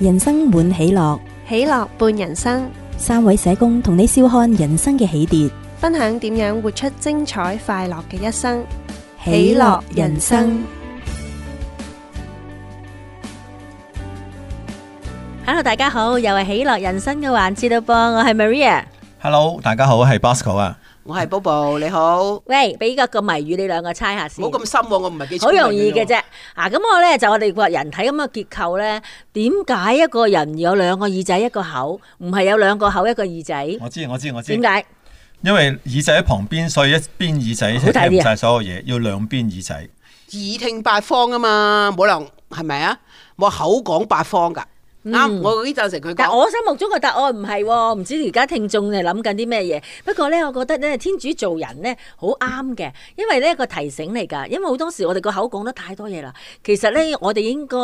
人生滿喜樂，喜樂伴人生。三位社工同你笑看人生嘅起跌，分享點樣活出精彩快樂嘅一生。喜樂人生，喜樂人生，hello 大家好，又係喜樂人生嘅環節咯噃，我係 Maria。Hello 大家好，我係 Bosco 啊。我係寶寶，你好。喂，俾個個謎語你兩個猜下先。唔好咁深，我唔係幾聰明。好容易嘅啫。嗱，咁我咧就我哋話人體咁嘅結構咧，點解一個人有兩個耳仔一個口，唔係有兩個口一個耳仔？我知，我知，我知。點解？因為耳仔喺旁邊，所以一邊耳仔睇唔晒所有嘢，要兩邊耳仔。耳聽八方啊嘛，冇錯，係咪啊？我口講八方噶。啱，我嗰啲就成佢。但我心目中嘅答案唔係，哦，唔知而家聽眾係諗緊啲咩嘢。不過咧，我覺得咧，天主做人咧好啱嘅，因為咧個提醒嚟㗎。因為好多時我哋個口講得太多嘢啦，其實咧我哋應該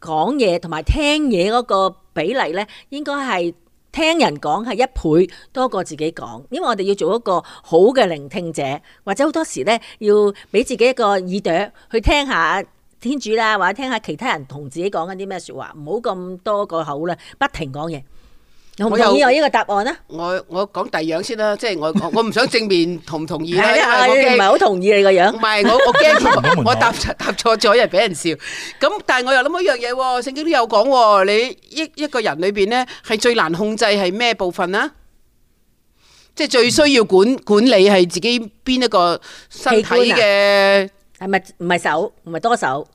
講嘢同埋聽嘢嗰個比例咧，應該係聽人講係一倍多過自己講，因為我哋要做一個好嘅聆聽者，或者好多時咧要俾自己一個耳朵去聽下。天主啦，或者聽下其他人同自己講緊啲咩說話，唔好咁多個口啦，不停講嘢。我唔同意我呢個答案啦。我我講第二樣先啦，即係我我唔想正面同唔同意啦。係啊，我唔係好同意你個樣。唔係我我驚我我答答錯咗，人俾人笑。咁但係我又諗一樣嘢，聖經都有講，你一一個人裏邊咧係最難控制係咩部分啊？即係最需要管管理係自己邊一個身體嘅。係咪唔係手唔係多手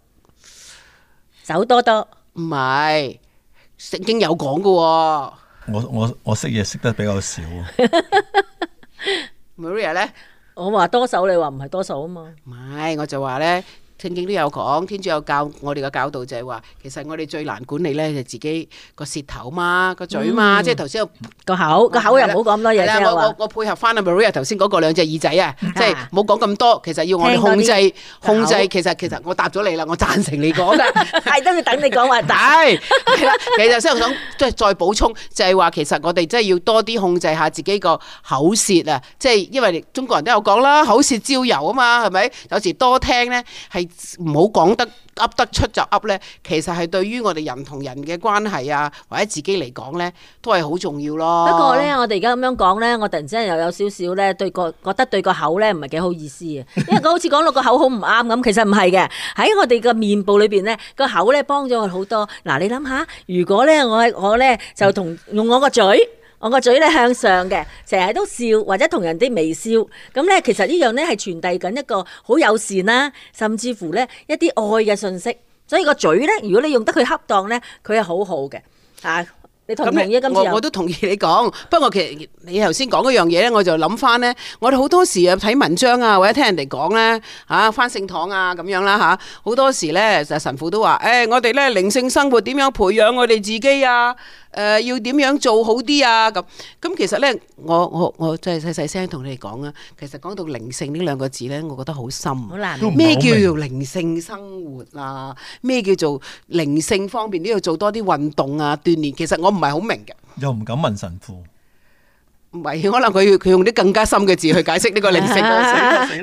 手多多？唔係聖經有講噶。我我我識嘢識得比較少。 Maria 咧呢，我話多手，你話唔係多手啊嘛？唔係我就話咧。天經都有講，天主有教我哋嘅教導就係話，其實我哋最難管理咧就係自己個舌頭嘛，個嘴嘛，即係頭先個口個口又唔好講咁多嘢啦。我我配合翻阿 Maria 頭先嗰個兩隻耳仔啊，即係冇講咁多。其實要我哋控制控制，其實其實我答咗你啦，我贊成你講嘅，係都要等你講話題。其實我想即係再補充，就係話其實我哋真係要多啲控制下自己個口舌啊，即係因為中國人都有講啦，口舌招尤啊嘛，係咪？有時多聽咧係。唔好講得噏得出就噏咧，其實係對於我哋人同人嘅關係啊，或者自己嚟講咧，都係好重要咯。不過咧，我哋而家咁樣講咧，我突然之間又有少少咧，對個覺得對個口咧唔係幾好意思啊。因為佢好似講到個口好唔啱咁，其實唔係嘅。喺我哋個面部裏邊咧，個口咧幫咗好多。嗱，啊，你諗下，如果咧我喺我咧就同用我個嘴。我個嘴咧向上嘅，成日都笑或者同人哋微笑，咁咧其實呢樣咧係傳遞緊一個好友善啦，甚至乎咧一啲愛嘅信息。所以個嘴咧，如果你用得佢恰當咧，佢係好好嘅。吓你，你同唔同意今次？我我、我都同意你講， 不過其實你頭先講嗰樣嘢咧，我就諗翻咧，我哋好多時啊睇文章啊或者聽人哋講咧，吓翻聖堂啊咁樣啦吓，好、啊、多時咧就神父都話，誒、欸、我哋咧靈性生活點樣培養我哋自己啊？誒、呃、要點樣做好啲啊？咁咁其實呢，我我我即係細細聲同你哋講啊。其實講到靈性呢兩個字呢，我覺得好深。好難，咩叫做靈性生活啊？咩叫做靈性方面都要做多啲運動啊、鍛鍊？其實我唔係好明嘅，又唔敢問神父。唔係，可能佢要佢用啲更加深嘅字去解釋呢個靈性。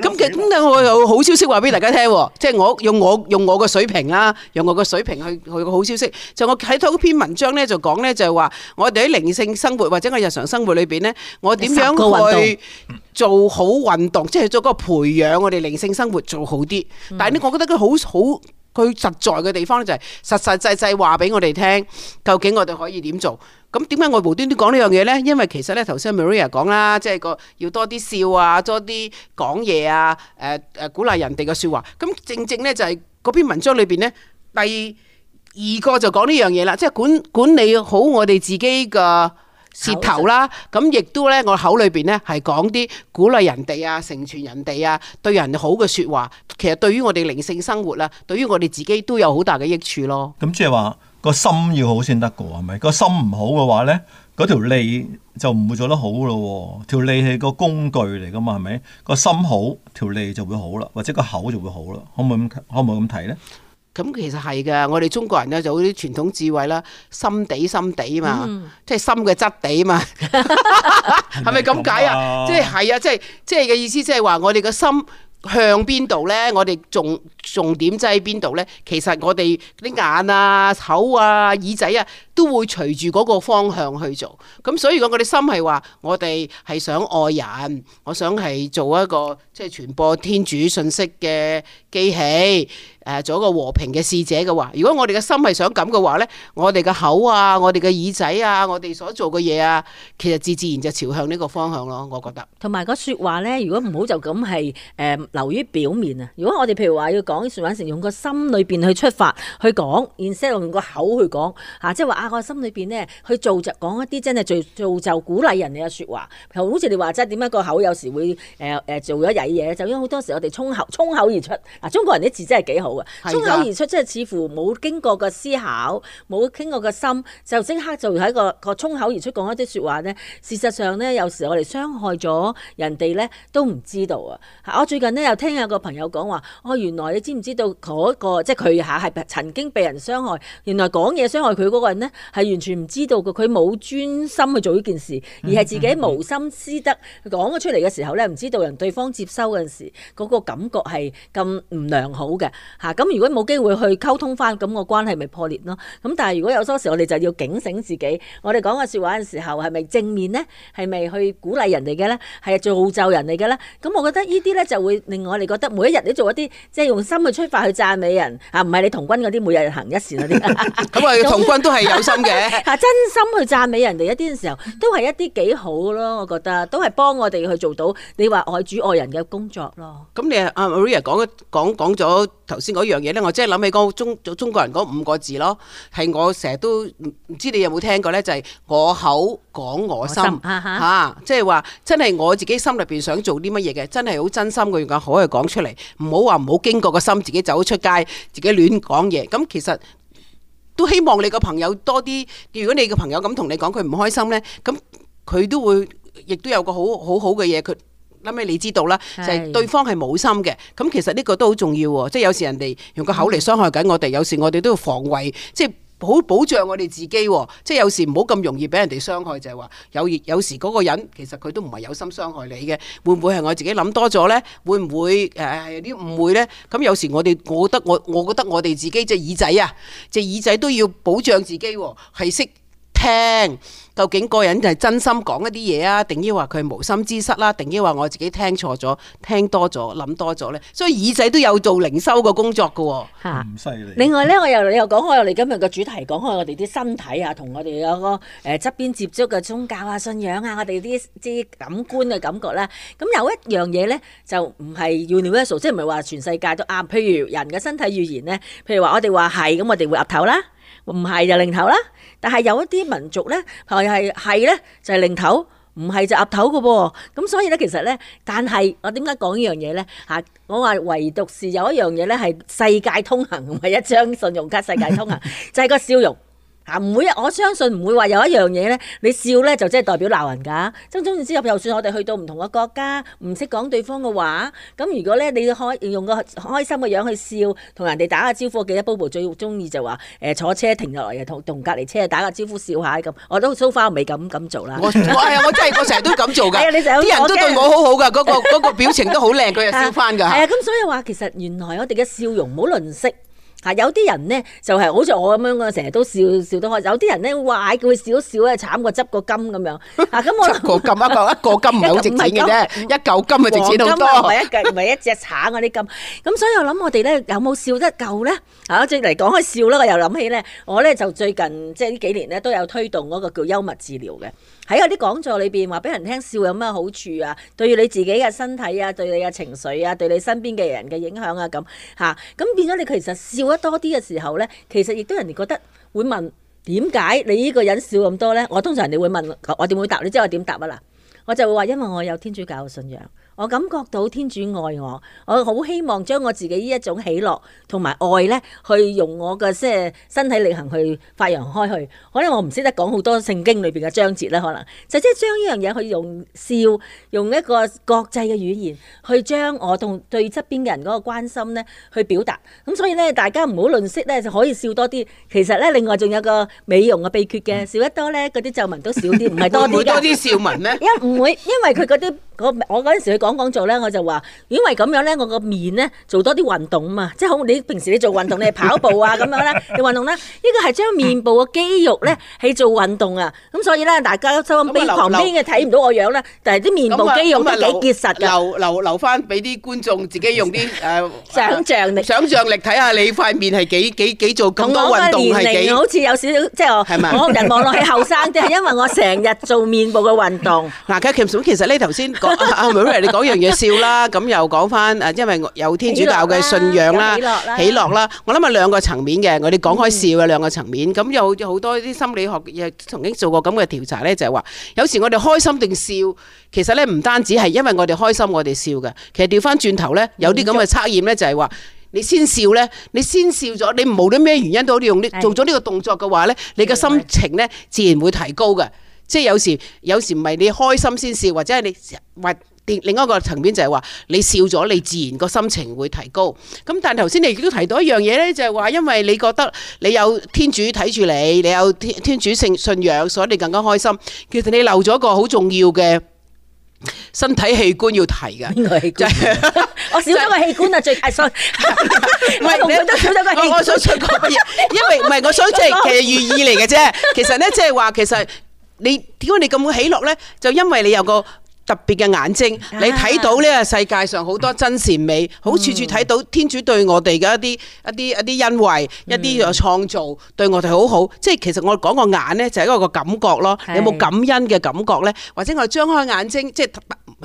咁其實等等我有好消息話俾大家聽喎，即係我用我用我個水平啦，用我個水平去去個好消息。就我睇到嗰篇文章咧，就講咧就係話，我哋喺靈性生活或者我日常生活裏邊咧，我點樣去做好運動，即係做個培養我哋靈性生活做好啲。但係咧，我覺得佢好好。佢實在嘅地方咧就係實實際際話俾我哋聽，究竟我哋可以點做？咁點解我無端端講呢樣嘢呢？因為其實呢，頭先 Maria 講啦，即係個要多啲笑啊，多啲講嘢啊，誒、呃、誒、呃、鼓勵人哋嘅説話。咁正正呢，就係嗰篇文章裏邊呢，第二,二個就講呢樣嘢啦，即係管管理好我哋自己嘅。舌頭啦，咁亦都咧，我口裏邊咧係講啲鼓勵人哋啊、成全人哋啊、對人好嘅説話。其實對於我哋靈性生活啦，對於我哋自己都有好大嘅益處咯。咁即係話個心要好先得噶，係咪？個心唔好嘅話咧，嗰條脷就唔會做得好咯。條脷係個工具嚟噶嘛，係咪？個心好，條脷就會好啦，或者個口就會好啦。可唔可以咁，可唔可以咁睇咧？咁其實係㗎，我哋中國人咧就啲傳統智慧啦，心地心地啊嘛，即係、嗯、心嘅質地啊嘛，係咪咁解？ 是是啊？即係係啊，即係即係嘅意思，即係話我哋嘅心向邊度咧？我哋仲。重點即喺邊度呢？其實我哋啲眼啊、口啊、耳仔啊，都會隨住嗰個方向去做。咁所以講我哋心係話，我哋係想愛人，我想係做一個即係傳播天主信息嘅機器，誒、呃、做一個和平嘅使者嘅話，如果我哋嘅心係想咁嘅話呢，我哋嘅口啊、我哋嘅耳仔啊、我哋所做嘅嘢啊，其實自自然就朝向呢個方向咯。我覺得。同埋個説話呢，如果唔好就咁係誒流於表面啊。如果我哋譬如話要講說話成用個心裏邊去出發去講 instead 用個口去講，吓即係話啊個心裏邊呢去做就講一啲真係造造就鼓勵人哋嘅說話，好似你話齋，點解個口有時會誒誒、呃、做咗曳嘢，就因為好多時我哋衝口衝口而出。嗱，中國人啲字真係幾好啊，衝口而出即係似乎冇經過個思考，冇經過個心，就即刻就喺個個衝口而出講一啲說話呢。事實上呢，有時我哋傷害咗人哋呢，都唔知道啊！我最近呢，又聽有個朋友講話，哦，原來你知唔知道嗰、那個即係佢嚇係曾經被人傷害，原來講嘢傷害佢嗰個人呢，係完全唔知道嘅，佢冇專心去做呢件事，而係自己無心之得講咗出嚟嘅時候呢，唔知道人對方接收嗰陣時嗰、那個感覺係咁唔良好嘅嚇。咁、啊、如果冇機會去溝通返，咁、那個關係咪破裂咯。咁但係如果有時候，我哋就要警醒自己，我哋講嘅説話嘅時候係咪正面呢？係咪去鼓勵人哋嘅呢？係造就人哋嘅呢？咁我覺得呢啲呢，就會令我哋覺得每一日都做一啲即係用心去出發去讚美人啊，唔係你童軍嗰啲每日行一善嗰啲。咁啊，童軍都係有心嘅。啊，真心去讚美人哋一啲嘅時候，都係一啲幾好咯，我覺得都係幫我哋去做到你話愛主愛人嘅工作咯。咁你阿 Maria 講講講咗頭先嗰樣嘢咧，我真係諗起個中中國人嗰五個字咯，係我成日都唔唔知你有冇聽過咧，就係我好。講我心嚇，即係話真係我自己心裏邊想做啲乜嘢嘅，真係好真心嗰樣嘢可以講出嚟，唔好話唔好經過個心自己走出街，自己亂講嘢。咁其實都希望你個朋友多啲。如果你個朋友咁同你講佢唔開心呢，咁佢都會亦都有個好好好嘅嘢，佢諗起你知道啦，就係、是、對方係冇心嘅。咁其實呢個都好重要喎。即係有時人哋用個口嚟傷害緊我哋，嗯、有時我哋都要防衞。即係。好保，保障我哋自己，哦，即係有時唔好咁容易俾人哋傷害，就係、是、話有有時嗰個人其實佢都唔係有心傷害你嘅，會唔會係我自己諗多咗咧？會唔會誒有啲誤會咧？咁有時我哋，我覺得我我覺得我哋自己隻耳仔啊，隻耳仔都要保障自己係、哦、識。聽究竟個人就係真心講一啲嘢啊，定抑話佢係無心之失啦，定抑話我自己聽錯咗、聽多咗、諗多咗咧？所以耳仔都有做靈修嘅工作嘅。吓，咁犀利！另外咧， 我又你又講開我哋今日嘅主題，講開我哋啲身體啊，同我哋嗰個誒側邊接觸嘅宗教啊、信仰啊，我哋啲啲感官嘅感覺咧。咁有一樣嘢咧，就唔係 universal，即係唔係話全世界都啱。譬如人嘅身體語言咧，譬如話我哋話係，咁我哋會岌頭啦。唔係就擰頭啦，但係有一啲民族咧，係係係咧就係擰頭，唔係就鴨頭噶噃，咁所以咧其實咧，但係我點解講呢樣嘢咧？吓，我話唯獨是有一樣嘢咧，係世界通行，唔係一張信用卡世界通行，就係個笑容。 嚇，唔會啊！我相信唔會話有一樣嘢咧，你笑咧就即係代表鬧人㗎。即係總之又又算我哋去到唔同嘅國家，唔識講對方嘅話。咁如果咧你開用個開心嘅樣去笑，同人哋打下招呼。我記得 BoBo 最中意就話誒坐車停落嚟又同同隔離車打下招呼笑下咁。我都笑翻，未敢咁做啦。我係啊！我真係我成日都咁做㗎。係啊！啲人都對我好好㗎，嗰個嗰個表情都好靚，佢又笑翻㗎。係啊！咁所以話其實原來我哋嘅笑容唔好吝嗇。啊！有啲人咧就係好似我咁樣嘅，成日都笑笑得開。有啲人咧壞，叫佢笑一笑咧，慘過執個金咁樣。啊！咁我執個金啊，個一個金唔係好值錢嘅啫，一嚿金啊值錢好多。唔係一嚿，唔係一隻慘啊！啲金咁，所以我諗我哋咧有冇笑得夠咧？啊！即係嚟講開笑咧，我又諗起咧，我咧就最近即係呢幾年咧都有推動嗰個叫幽默治療嘅。喺我啲講座裏邊話俾人聽，笑有咩好處啊？對你自己嘅身體啊，對你嘅情緒啊，對你身邊嘅人嘅影響啊咁嚇。咁變咗你其實笑。多啲嘅時候咧，其實亦都人哋覺得會問：「點解你呢個人笑咁多咧？」我通常人哋會問我點會答，你知我點答啊啦？我就會話：「因為我有天主教嘅信仰。」我感覺到天主愛我，我好希望將我自己呢一種喜樂同埋愛咧，去用我嘅即係身體力行去發揚開去。可能我唔識得講好多聖經裏邊嘅章節啦，可能就即係將呢樣嘢去用笑，用一個國際嘅語言去將我同對側邊嘅人嗰個關心咧去表達。咁所以咧，大家唔好吝嗇咧，就可以笑多啲。其實咧，另外仲有個美容嘅秘訣嘅，笑得多咧，嗰啲皺紋都少啲，唔係多唔 多啲笑紋咩？一唔會，因為佢嗰啲我嗰陣講講做咧，我就話，因為咁樣咧，我個面咧做多啲運動嘛，即係好你平時你做運動，你係跑步啊咁樣咧，你運動咧，呢個係將面部嘅肌肉咧喺做運動啊，咁所以咧，大家收音機旁邊嘅睇唔到我樣咧，但係啲面部肌肉都幾結實㗎。留留留翻俾啲觀眾自己用啲誒想像力，想像力睇下你塊面係幾幾幾做咁多運動係幾？我個年齡好似有少少即係我，我人望落係後生啲，係因為我成日做面部嘅運動。嗱，其實其實咧頭先講阿阿梅瑞你。講樣嘢笑啦，咁又講翻誒，因為有天主教嘅信仰啦，喜樂啦，我諗係兩個層面嘅。我哋講開笑嘅兩個層面，咁、嗯、有好多啲心理學曾經做過咁嘅調查呢，就係話有時我哋開心定笑，其實呢唔單止係因為我哋開心，我哋笑嘅，其實調翻轉頭呢，有啲咁嘅測驗呢，就係話你先笑呢，你先笑咗，你無論咩原因都好，用呢做咗呢個動作嘅話呢，你嘅心情呢自然會提高嘅。即係有時有時唔係你開心先笑，或者係你另另一個層面就係話，你笑咗，你自然個心情會提高。咁但係頭先你亦都提到一樣嘢咧，就係話，因為你覺得你有天主睇住你，你有天天主信信仰，所以你更加開心。其實你漏咗一個好重要嘅身體器官要提嘅，就係我少咗個器官啊！最係喪，唔係你都少咗個器官。我想講嘅嘢，因為唔係我想即係其實寓意嚟嘅啫。其實咧即係話其實你點解你咁會喜樂咧？就因為你有個特別嘅眼睛，你睇到呢個世界上好多真善美，好處處睇到天主對我哋嘅一啲一啲一啲恩惠，一啲嘅創造、嗯、對我哋好好。即係其實我講個眼呢，就係、是、一個感覺咯。你有冇感恩嘅感覺呢？或者我張開眼睛，即係。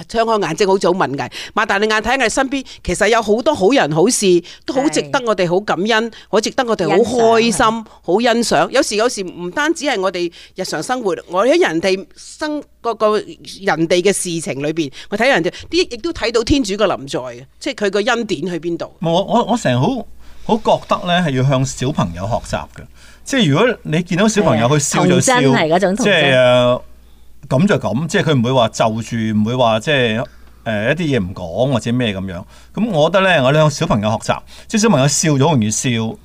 昌開眼睛好早好文藝，擘大你眼睇下，你身邊，其實有好多好人好事，都好值得我哋好感恩，好的值得我哋好開心，好欣賞。有時有時唔單止係我哋日常生活，我喺人哋生個個人哋嘅事情裏邊，我睇人哋啲亦都睇到天主嘅臨在，即係佢個恩典去邊度。我我我成日好好覺得呢係要向小朋友學習嘅，即係如果你見到小朋友去的笑就笑，即係。咁就咁，即係佢唔會話就住，唔會話即係誒一啲嘢唔講或者咩咁樣。咁、嗯、我覺得呢，我哋向小朋友學習，即係小朋友笑咗好容易笑，誒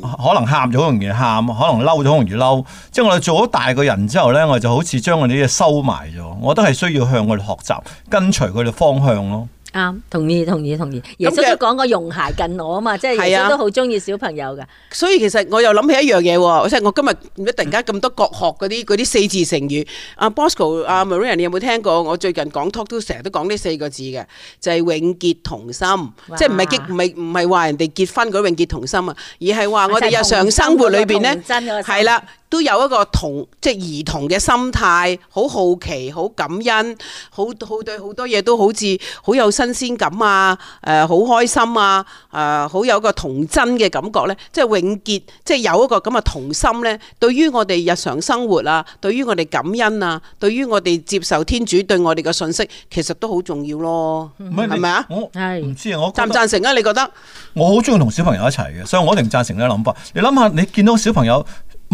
可能喊咗好容易喊，可能嬲咗好容易嬲。即係我哋做咗大個人之後呢，我就好似將我哋啲嘢收埋咗。我覺得係需要向佢哋學習，跟隨佢哋方向咯。啱，同意同意同意。耶穌都講個容鞋近我啊嘛，即係耶穌都好中意小朋友噶。所以其實我又諗起一樣嘢喎，即係我今日唔一突然間咁多國學嗰啲啲四字成語。阿、啊、Bosco、阿 Bos、啊、Marina，你有冇聽過？我最近講 talk 都成日都講呢四個字嘅，就係、是、永結同心，哇即係唔係結唔係唔係話人哋結婚嗰永結同心啊，而係話我哋日常生活裏邊咧，係啦。都有一個童即兒童嘅心態，好好奇，好感恩，好好對好多嘢都好似好有新鮮感啊！誒、呃，好開心啊！誒、呃，好有個童真嘅感覺呢。即永結即有一個咁嘅童心呢。對於我哋日常生活啊，對於我哋感恩啊，對於我哋接受天主對我哋嘅信息，其實都好重要咯。係咪啊？我唔知啊，我是贊唔贊成啊？你覺得我好中意同小朋友一齊嘅，所以我一定唔贊成呢個諗法。你諗下，你見到小朋友，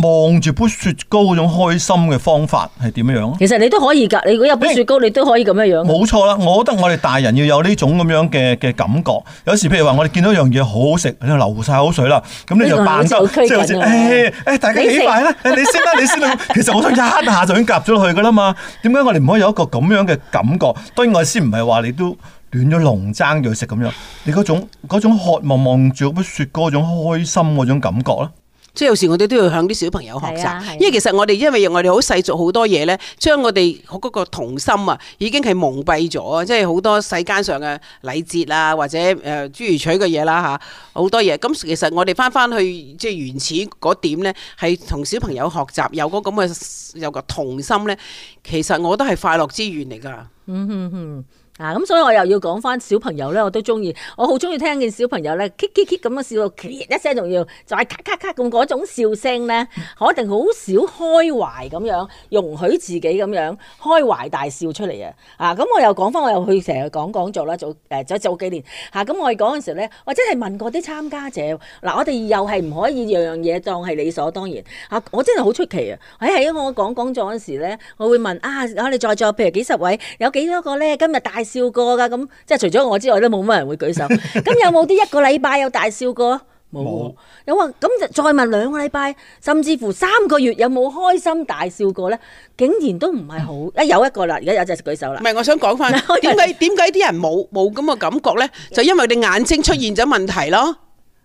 望住杯雪糕嗰種開心嘅方法係點樣咧？其實你都可以噶，你如果有一杯雪糕，你都可以咁樣樣。冇錯啦，我覺得我哋大人要有呢種咁樣嘅嘅感覺。有時譬如話，我哋見到樣嘢好好食，你就流晒口水啦，咁件你就扮得即係好似誒誒，大家起筷啦吃、哎，你先啦，你先啦。 其實我想一下就已經夾咗落去噶啦嘛。點解我哋唔可以有一個咁樣嘅感覺？當然我先唔係話你都斷咗龍爭去食咁樣，你嗰種種、種渴望望住杯雪糕嗰種開心嗰種感覺啦。即係有時我哋都要向啲小朋友學習，啊啊、因為其實我哋因為我哋好世俗好多嘢咧，將我哋好嗰個童心啊，已經係蒙蔽咗。即係好多世間上嘅禮節啊，或者誒諸、呃、如取嘅嘢啦嚇，好多嘢。咁其實我哋翻翻去即係原始嗰點咧，係同小朋友學習有嗰咁嘅有個童心咧，其實我都係快樂之源嚟㗎。嗯哼哼。啊，咁所以我又要講翻小朋友咧，我都中意，我好中意聽見小朋友咧，噉樣笑到一聲，仲要就係咔咔咔咁嗰種笑聲咧，我一定好少開懷咁樣容許自己咁樣開懷大笑出嚟啊！啊，咁我又講翻，我又去成日講講座啦，做誒再做幾年嚇，咁我哋講嘅時候咧，我真係問過啲參加者，嗱，我哋又係唔可以樣樣嘢當係理所當然嚇，我真係好出奇啊！喺喺我講講座嗰時咧，我會問啊，我哋在座譬如幾十位，有幾多個咧今日大笑過噶咁，即係除咗我之外，都冇乜人會舉手。咁有冇啲一個禮拜有大笑過？冇。有冇？咁就再問兩個禮拜，甚至乎三個月有冇開心大笑過咧？竟然都唔係好。誒，有一個啦，而家有隻舉手啦。唔係，我想講翻。點解點解啲人冇冇咁嘅感覺咧？就因為你眼睛出現咗問題咯。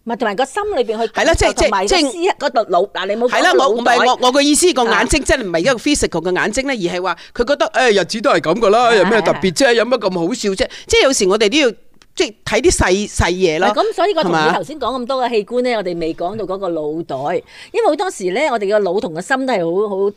唔係，同埋個心理邊去？係啦，即係即係即係嗰度腦。嗱，你冇講到腦袋。係啦，冇，唔係我我，嘅意思眼個眼睛，即係唔係一個 physical 嘅眼睛咧，而係話佢覺得誒、欸、日子都係咁嘅啦，的有咩特別啫？的有乜咁好笑啫？的即係有時我哋都要。即睇啲細細嘢啦。咁吧所以我同你頭先講咁多個器官咧，我哋未講到嗰個腦袋，因為好多時咧，我哋個腦同個心都係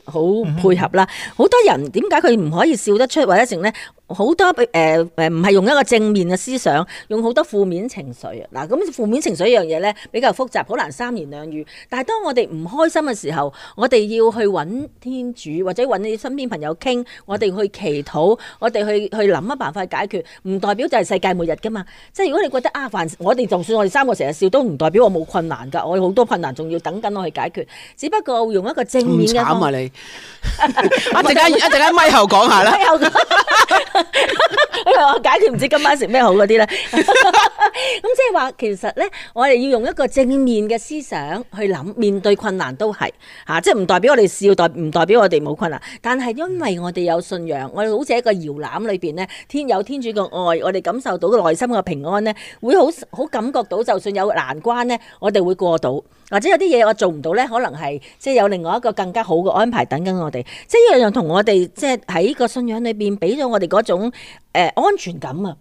好好好配合啦。好多人點解佢唔可以笑得出，或者成咧好多誒誒，唔，呃，唔係用一個正面嘅思想，用好多負面情緒啊！嗱，咁負面情緒一樣嘢咧，比較複雜，好難三言兩語。但係當我哋唔開心嘅時候，我哋要去揾天主，或者揾你身邊朋友傾，我哋去祈禱，我哋去去諗一辦法解決，唔代表就係世界末日㗎嘛。即係如果你覺得阿凡，我哋就算我哋三個成日笑都唔代表我冇困難噶，我有好多困難仲要等緊我去解決，只不過會用一個正面嘅。好慘啊你！ 一陣間一陣間咪後講下啦， 我解決唔知今晚食咩好嗰啲咧。 咁即係話，其實咧，我哋要用一個正面嘅思想去諗，面對困難都係吓、啊，即係唔代表我哋笑，代唔代表我哋冇困難。但係因為我哋有信仰，我哋好似一個搖籃裏邊咧，天有天主嘅愛，我哋感受到個內心嘅平安咧，會好好感覺到，就算有難關咧，我哋會過到，或者有啲嘢我做唔到咧，可能係即係有另外一個更加好嘅安排等緊我哋。即係一樣樣同我哋即係喺個信仰裏邊俾咗我哋嗰種誒、呃、安全感啊！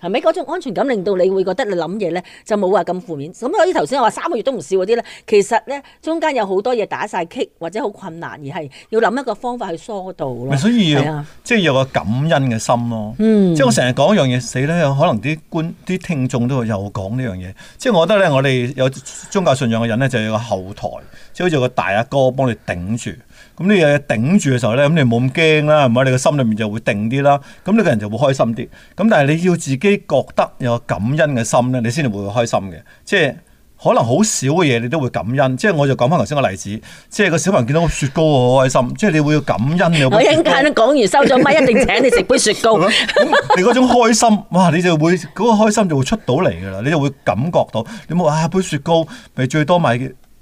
係咪嗰種安全感令到你會覺得你諗嘢咧就冇話咁負面？咁所以頭先我話三個月都唔笑嗰啲咧，其實咧中間有好多嘢打晒棘，或者好困難，而係要諗一個方法去疏導咯。所以要、啊、即係有個感恩嘅心咯。嗯、即係我成日講一樣嘢，死咧可能啲觀啲聽眾都又講呢樣嘢。即係我覺得咧，我哋有宗教信仰嘅人咧，就有個後台，即係好似個大阿哥幫你頂住。咁你有嘢頂住嘅時候咧，咁你冇咁驚啦，係咪？你個心裏面就會定啲啦，咁你個人就會開心啲。咁但係你要自己覺得有感恩嘅心咧，你先至會開心嘅。即係可能好少嘅嘢你都會感恩。即係我就講翻頭先個例子，即係個小朋友見到個雪糕好開心，即係你會感恩。我一間都講完收咗咪一定請你食杯雪糕。 那你嗰種開心，哇！你就會嗰、嗰個開心就會出到嚟㗎啦，你就會感覺到。你冇啊杯雪糕，咪最多買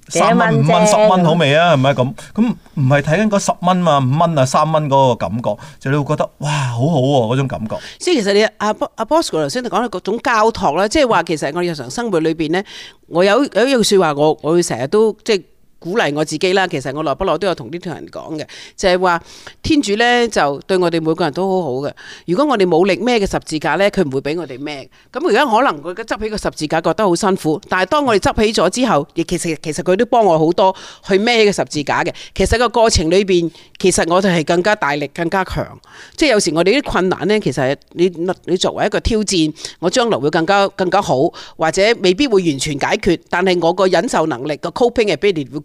三蚊、五蚊、十蚊好未啊？係咪咁？咁唔係睇緊嗰十蚊嘛、五蚊啊、三蚊嗰個感覺，就你會覺得哇，好好喎、啊、嗰種感覺。即係其實你阿阿 Bosco 頭先就講到各種交託啦，即係話其實我日常生活裏邊咧，我有有一句説話我，我我會成日都即係，就是鼓勵我自己啦，其實我耐不耐都有同啲條人講嘅，就係話天主呢就對我哋每個人都好好嘅。如果我哋冇力孭嘅十字架呢，佢唔會俾我哋孭。咁而家可能佢嘅執起個十字架覺得好辛苦，但係當我哋執起咗之後，亦其實其實佢都幫我好多去孭嘅十字架嘅。其實個過程裏邊，其實我哋係更加大力、更加強。即係有時我哋啲困難呢，其實你你作為一個挑戰，我將來會更加更加好，或者未必會完全解決，但係我個忍受能力個 coping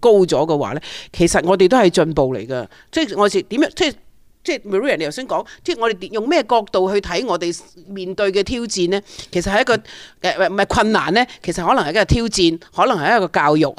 高咗嘅話咧，其實我哋都係進步嚟噶，即係我哋點樣，即係即係 Maria 你頭先講，即係我哋用咩角度去睇我哋面對嘅挑戰咧？其實係一個誒唔係困難咧，其實可能係一個挑戰，可能係一個教育，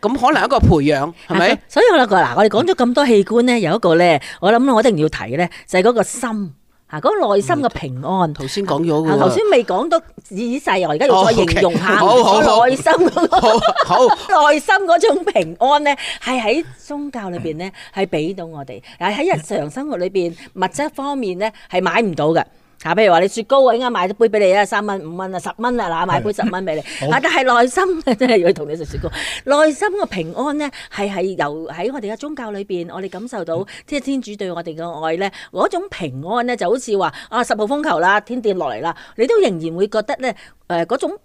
咁可能係一個培養，係咪？所以我諗嗱，我哋講咗咁多器官咧，有一個咧，我諗我一定要提咧，就係嗰個心。嗱，嗰個內心嘅平安，頭先講咗嘅喎，頭先未講到仔細，我而家要再形容下內心嗰、嗰個內心嗰種平安咧，係喺宗教裏邊咧係俾到我哋，但係喺日常生活裏邊，物質方面咧係買唔到嘅。嚇！譬如話你雪糕啊，依家買一杯俾你啊，三蚊、五蚊啊、十蚊啊，嗱買杯十蚊俾你。你 好但係內心咧，真係要同你食雪糕。內心嘅平安咧，係係由喺我哋嘅宗教裏邊，我哋感受到即係天主對我哋嘅愛咧。嗰種平安咧，就好似話啊十號風球啦，天跌落嚟啦，你都仍然會覺得咧誒嗰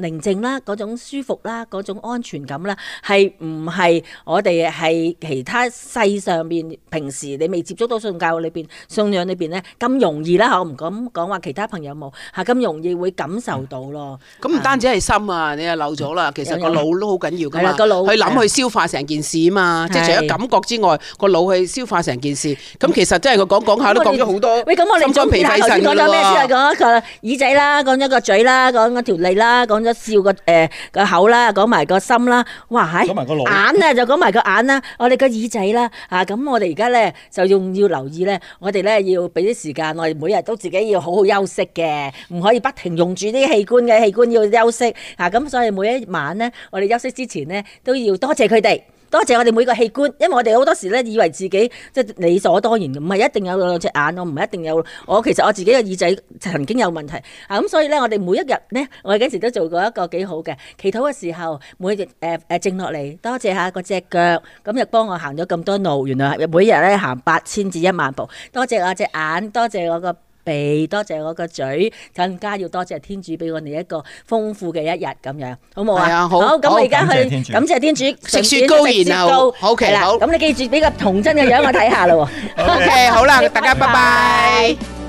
寧靜啦，嗰種舒服啦，嗰種安全感啦，係唔係我哋喺其他世上邊平時你未接觸到信教裏邊信仰裏邊咧咁容易啦？我唔敢講話其他朋友冇，係咁容易會感受到咯。咁唔單止係心啊，你又漏咗啦，其實個腦都好緊要噶。係啊，個腦。去諗去消化成件事啊嘛，即係除咗感覺之外，個腦去消化成件事。咁其實真係佢講講下都講咗好多。喂，咁我哋講下頭先講咗咩先啊？講一個耳仔啦，講一個嘴啦，講嗰條脷啦，講。笑個誒個口啦，講埋個心啦，哇係眼咧就講埋個眼啦，我哋個耳仔啦吓，咁、啊、我哋而家咧就要，要留意咧，我哋咧要俾啲時間，我哋每日都自己要好好休息嘅，唔可以不停用住啲器官嘅，器官要休息吓。咁、啊、所以每一晚咧，我哋休息之前咧都要多謝佢哋。多謝我哋每個器官，因為我哋好多時咧以為自己即係、就是、理所當然，唔係一定有兩隻眼，我唔係一定有。我其實我自己嘅耳仔曾經有問題，啊咁所以咧我哋每一日咧，我哋幾時都做過一個幾好嘅祈禱嘅時候，每日誒誒靜落嚟，多謝下個隻腳，咁又幫我行咗咁多路，原來每日咧行八千至一萬步，多謝我隻眼，多謝我個。肥多謝我個嘴，更加要多謝天主俾我哋一個豐富嘅一日咁樣，好冇啊？係啊，好。咁我而家去，感謝天主。食雪糕然後，好，OK，奇了好。咁你記住俾個童真嘅樣我睇下啦喎。OK， 好啦的， 大家拜拜。 拜拜。